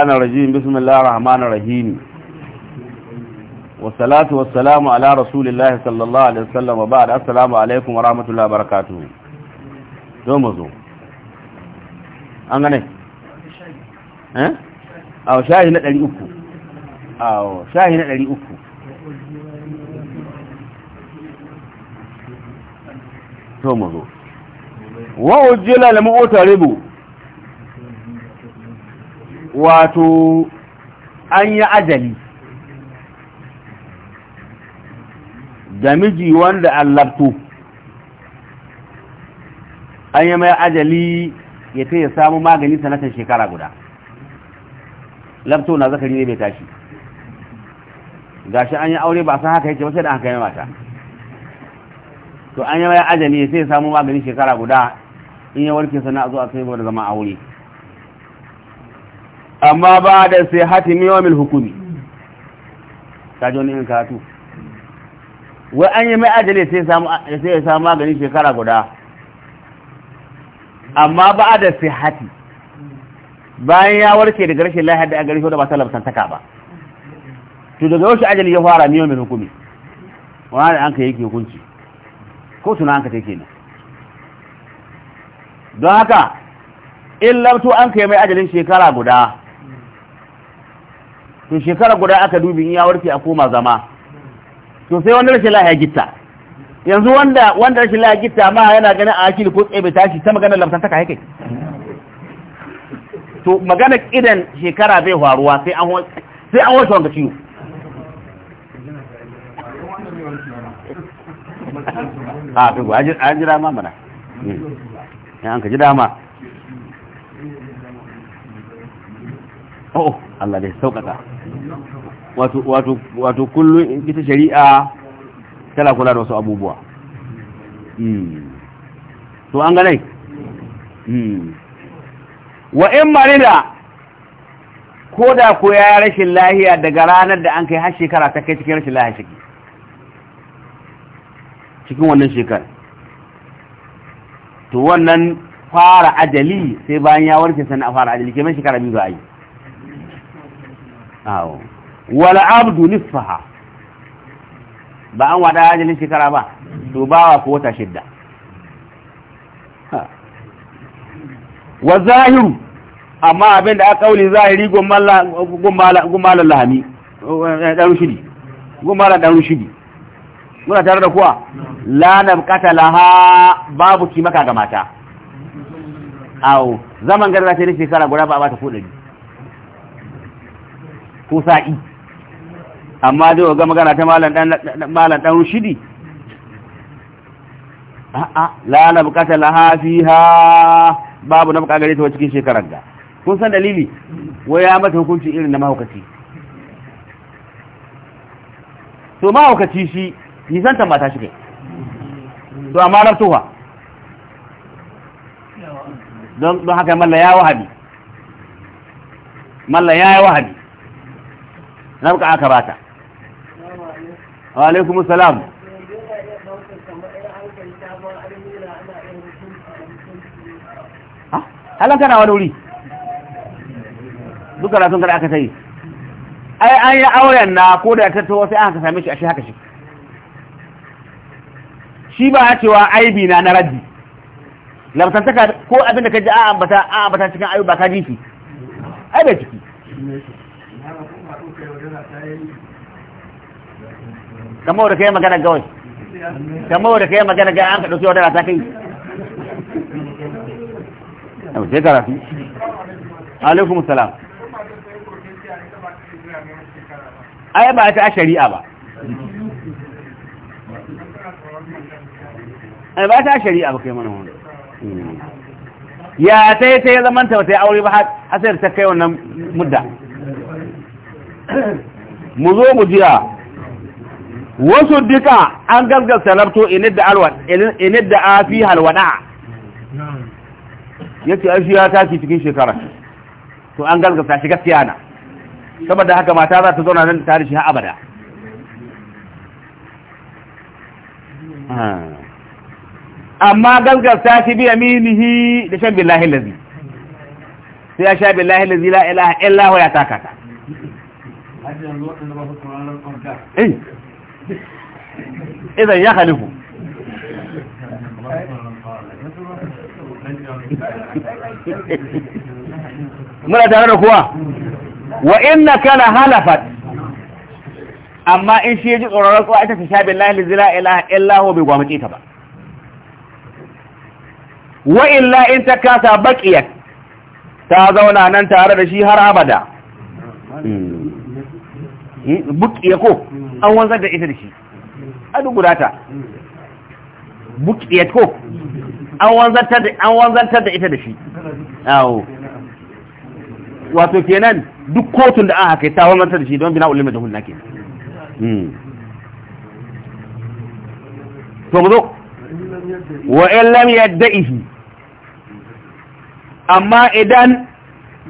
أنا رجيم بسم الله الرحمن الرحيم والصلاة والسلام على رسول الله صلى الله عليه وسلم وبعد السلام عليكم ورحمة الله وبركاته دوم زوم أنغني ها أو شاهي نتعلي أكو أو شاهي نتعلي أكو دوم زوم wa ujjila lil mu'taribu wato an yi ajali da miji wanda allabtu an yi mai ajali ya ta yi samu magani sanatan shekara guda labto na zakari ne bai tashi gashi an yi aure ba san haka yake ba sai da aka yi mata to an yi mai ajali ta yi samu magani shekara guda in ya warke sana a zo a sai da zama wuri amma ba da sai hati wa mil hukumi ta ji wani in katu wai an yi mai ajali sai ya samu magani shekara guda amma ba da sai hati bayan ya warke daga rashin lahiyar da a gari da ba ta taka ba to daga wasu ajali ya fara miyo mil hukumi wani an ka yake hukunci ko suna an ka take ne don haka in lamtu an kai mai ajalin shekara guda to shekara guda aka dubi in ya warke a koma zama to sai wanda rashin lahiya gitta yanzu wanda wanda rashin lahiya gitta ma yana ganin a akili ko tsaye bai tashi ta maganar lamsan taka yake to maganar idan shekara bai faruwa sai an sai an wasu wanda ciwo a ah, to an jira ma mana hmm. ya an ka ji dama oh Allah da sauƙaƙa wato wato wato kullum ita shari'a tana kula da wasu abubuwa hmm. to an ganai hmm. wa in marida ko da ko ya rashin lahiya daga ranar da an kai har shekara ta kai cikin rashin lahiya shi cikin wannan shekara to wannan fara ajali sai bayan ya warke sani a fara ajali kenan shekara biyu za yi awo wala abdu nisfaha ba an wada ajalin shekara ba to bawa ko wata shidda wa zahiru amma abinda aka kauli zahiri gumalar lahami ɗan eh, rushidi gumalar ɗan rushidi muna tare da kuwa lanam katalaha babu kimaka ga mata awo zaman garza sai da shekara guda ba a bata kudari ko sa'i amma zai ga magana ta malan dan rushidi a'a la na bukata laha fiha babu na bukata gari ta cikin shekarar ga kun san dalili wai ya mata hukunci irin na mahaukaci to mahaukaci shi nisan tambata shi kai to amma rabtuwa tuha don haka malla ya wahabi malla ya yi wahabi buka aka bata wa alaikum salam halin kana wani wuri duka sun kada aka sai ai an yi auren na ko da ta tawo sai aka same shi a shi haka shi shi ba ya cewa aibi na na Lamsan lamsantaka ko abin da ka ji a ambata a ambata cikin ayuba ka ji shi ai bai ciki kamar da kai magana gawai kamar da kai magana gawai an ka dauki wadana ta kai abu sai karafi alaikum salam ai ba ta shari'a ba ai ba ta shari'a ba kai mana wani ya ta yi ta yi zaman ta ya aure ba hasar ta kai wannan mudda mu zo mu jira wasu duka an gaggasta labto inid da a fi halwada ya ce shi ya tashi cikin shekara to an gaggasta shi gaskiya na saboda haka mata za ta zauna nan tare shi har abada ah. amma gaskata shi bi aminihi da shan billahi lazi sai ya sha billahi lazi la ilaha illa ya taka ta eh. idan ya halihu, muna tare da kuwa wa inna kana halafat amma in shi ya ji tsoron rasuwa ita ta sha billahi lazi la ilaha illa bai gwamnati ta ba wa illa in ta kasa baqiyat ta zauna nan tare da shi har abada hmm. hmm? buqiya ko an wanzar da ita da shi a dugurata buqiya ko an wanzar da an wanzar da ita da shi awo wato kenan duk kotun da aka kai ta wanzar da shi don bina ulama da hulna ke hmm. to mu zo wa illam yadda'ihi amma idan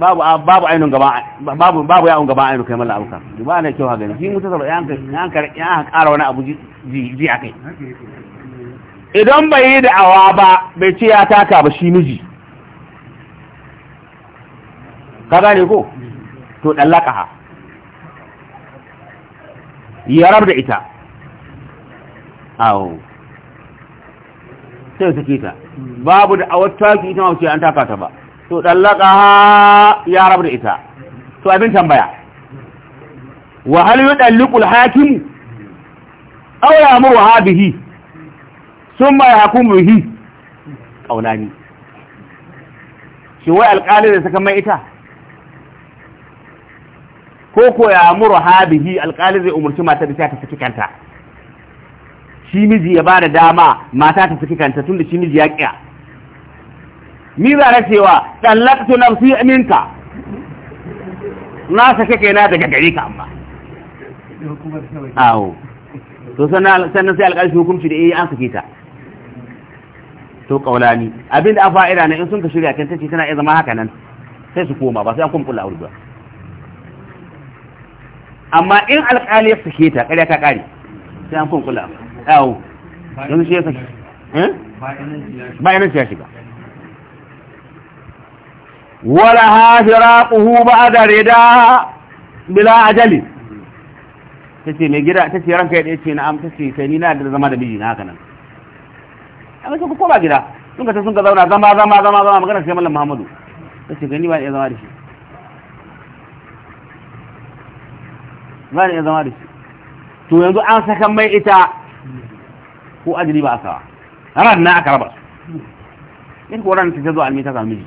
babu babu ainun gaba babu babu yawon gaba ainun kai mallan abuka duba ana kyau gani shi mutu saboda yanka yanka yanka ƙara wani abu ji ji akai idan bai yi da'awa ba bai ce ya taka ba shi miji ka gane ko to laka ha ya rabu da ita awo sai sake ta babu da awar taki ita ma ce an taka ta ba to dallaka ya rabu da ita to abin tambaya wa hal yudalliqul hakim aw ya'muru habihi thumma yahkumu bihi qaulani shi wai alƙali da saka mai ita ko ko ya'muru habihi alƙali zai umurci mata da ta saki kanta shi miji ya bada dama mata ta saki kanta tunda shi miji ya kiya ni za na cewa tsallaktu fi aminka na sake na daga gari ka amma awo to sannan sai alƙarshi hukunci da iya eh, an sake ta to kaulani abinda a fa'ida ne in sun ka shirya kan tace tana iya zama haka nan sai su koma ba sai an kuma kula aure ba amma in alƙali ya sake ta ƙarya ka ƙari sai an kuma kula awo don shi ya sake eh? shi ya shiga ولها فراقه بعد رداء بلا أجل تسي مجرى تسي ce يتسي نعم تسي سنينا زما da da zama miji na haka nan amma sun koma gida sun ka sun ka zauna zama zama zama zama magana sai mallam Muhammadu tace gani ba ya zama da shi ba ya zama da shi to yanzu an saka mai ita ko ajali ba aka ran na aka raba in ko ran ta zo almi ta miji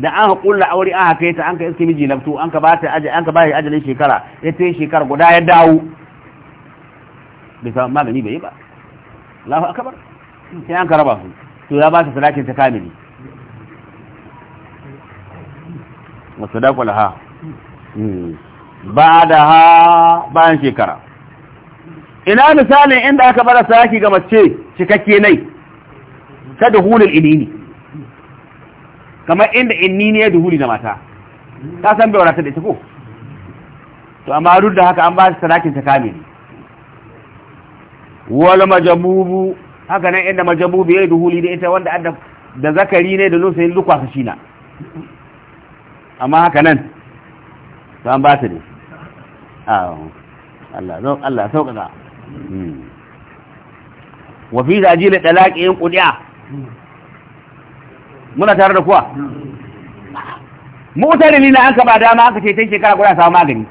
da an ka kulla aure an haka ta an ka iske miji labtu an ka ba ta aje an ka ba shi ajalin shekara ya ta shekara guda ya dawo bai samu magani bai yi ba Allahu akbar sai an ka raba su to ya ba ta sadakin ta kamili wa sadaqa laha hmm. ba da ha bayan shekara ina misalin inda aka bar sadaki ga mace cikakke nai kada hulul ilini kamar inda ni ne ya duhuli da mata ta san bai wadatar da ita ko to amma duk da haka an ba su sadakin ta kame ne wala majabubu haka nan inda majabubu ya duhuli da ita wanda adda da zakari ne da yin lukwa shi na amma haka nan to an ba su ne Allah sauƙaƙa hmm. wafi da ajiyar ɗalaƙi yin ƙudiya muna tare da kuwa mutarili na an kaba dama aka ce ta shekara guda samu magani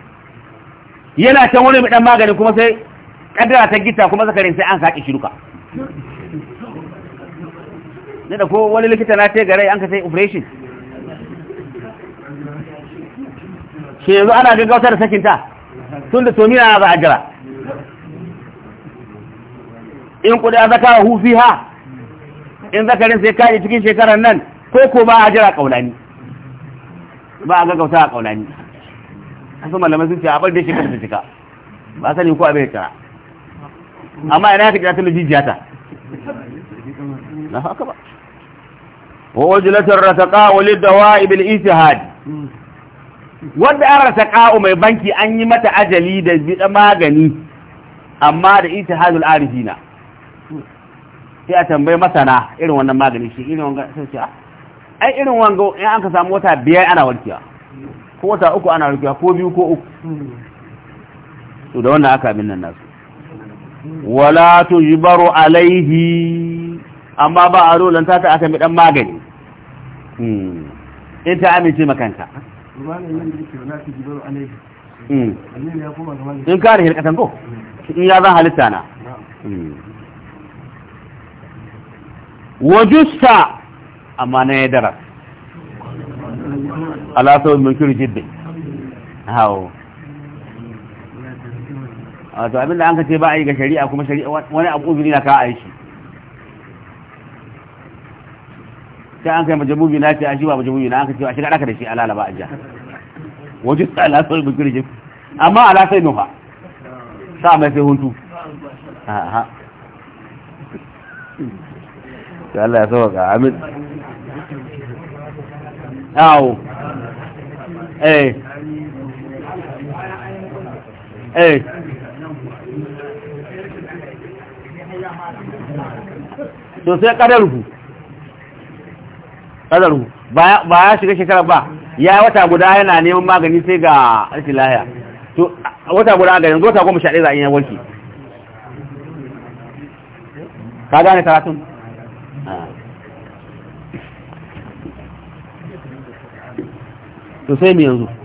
yana can wani dan magani kuma sai kaddara ta gita kuma zakarin sai an saki shiruka ne da ko wani likita na ce gare an ka sai operation shi yanzu ana gaggauta da sakinta tun da tomina za a jira in kudi a zaka hufi ha in zakarin sai kaji cikin shekarar nan ko ko ba a jira kaulani ba a gaggauta a kaulani su malamai sun ce a bar da shi kada cika ba sani ko abin kira amma ina ta kira ta jijiya ta na haka ba wa wajlatar rataqa walid dawa'i bil ijtihad wanda an rataqa mai banki an yi mata ajali da bida magani amma da ijtihadul arifina sai a tambayi masana irin wannan magani shi irin wannan sai ce ah, ai irin wango in an ka samu wata biyar ana warkewa ko wata uku ana warkewa ko biyu ko uku to da wannan aka abin nan nasu wala tujbaru alaihi amma ba a rolan ta aka mi dan magani hmm. in ta amince ka. Hmm. in ka da hirkatan ko in ya zan halitta na hmm. wajusta amma na ya dara alasawar mulkin jidde hau to abinda an ka ce ba a yi ga shari'a kuma shari'a wani abu uzuri na ka a yi shi sai an kai majamubi na ce a shi ba majamubi na an ka ce a shiga ɗaka da shi alala ba a ja wajen alasawar mulkin jidde amma alasai nufa sa mai sai hutu Allah ya sauka amin awo eh eh to sai kadarku kadarku ba ya shiga shekara ba ya wata guda yana neman magani sai ga rashin lahiya to wata guda ga yanzu wata goma sha ɗaya za a yi yawanki ka gane karatun to sai mu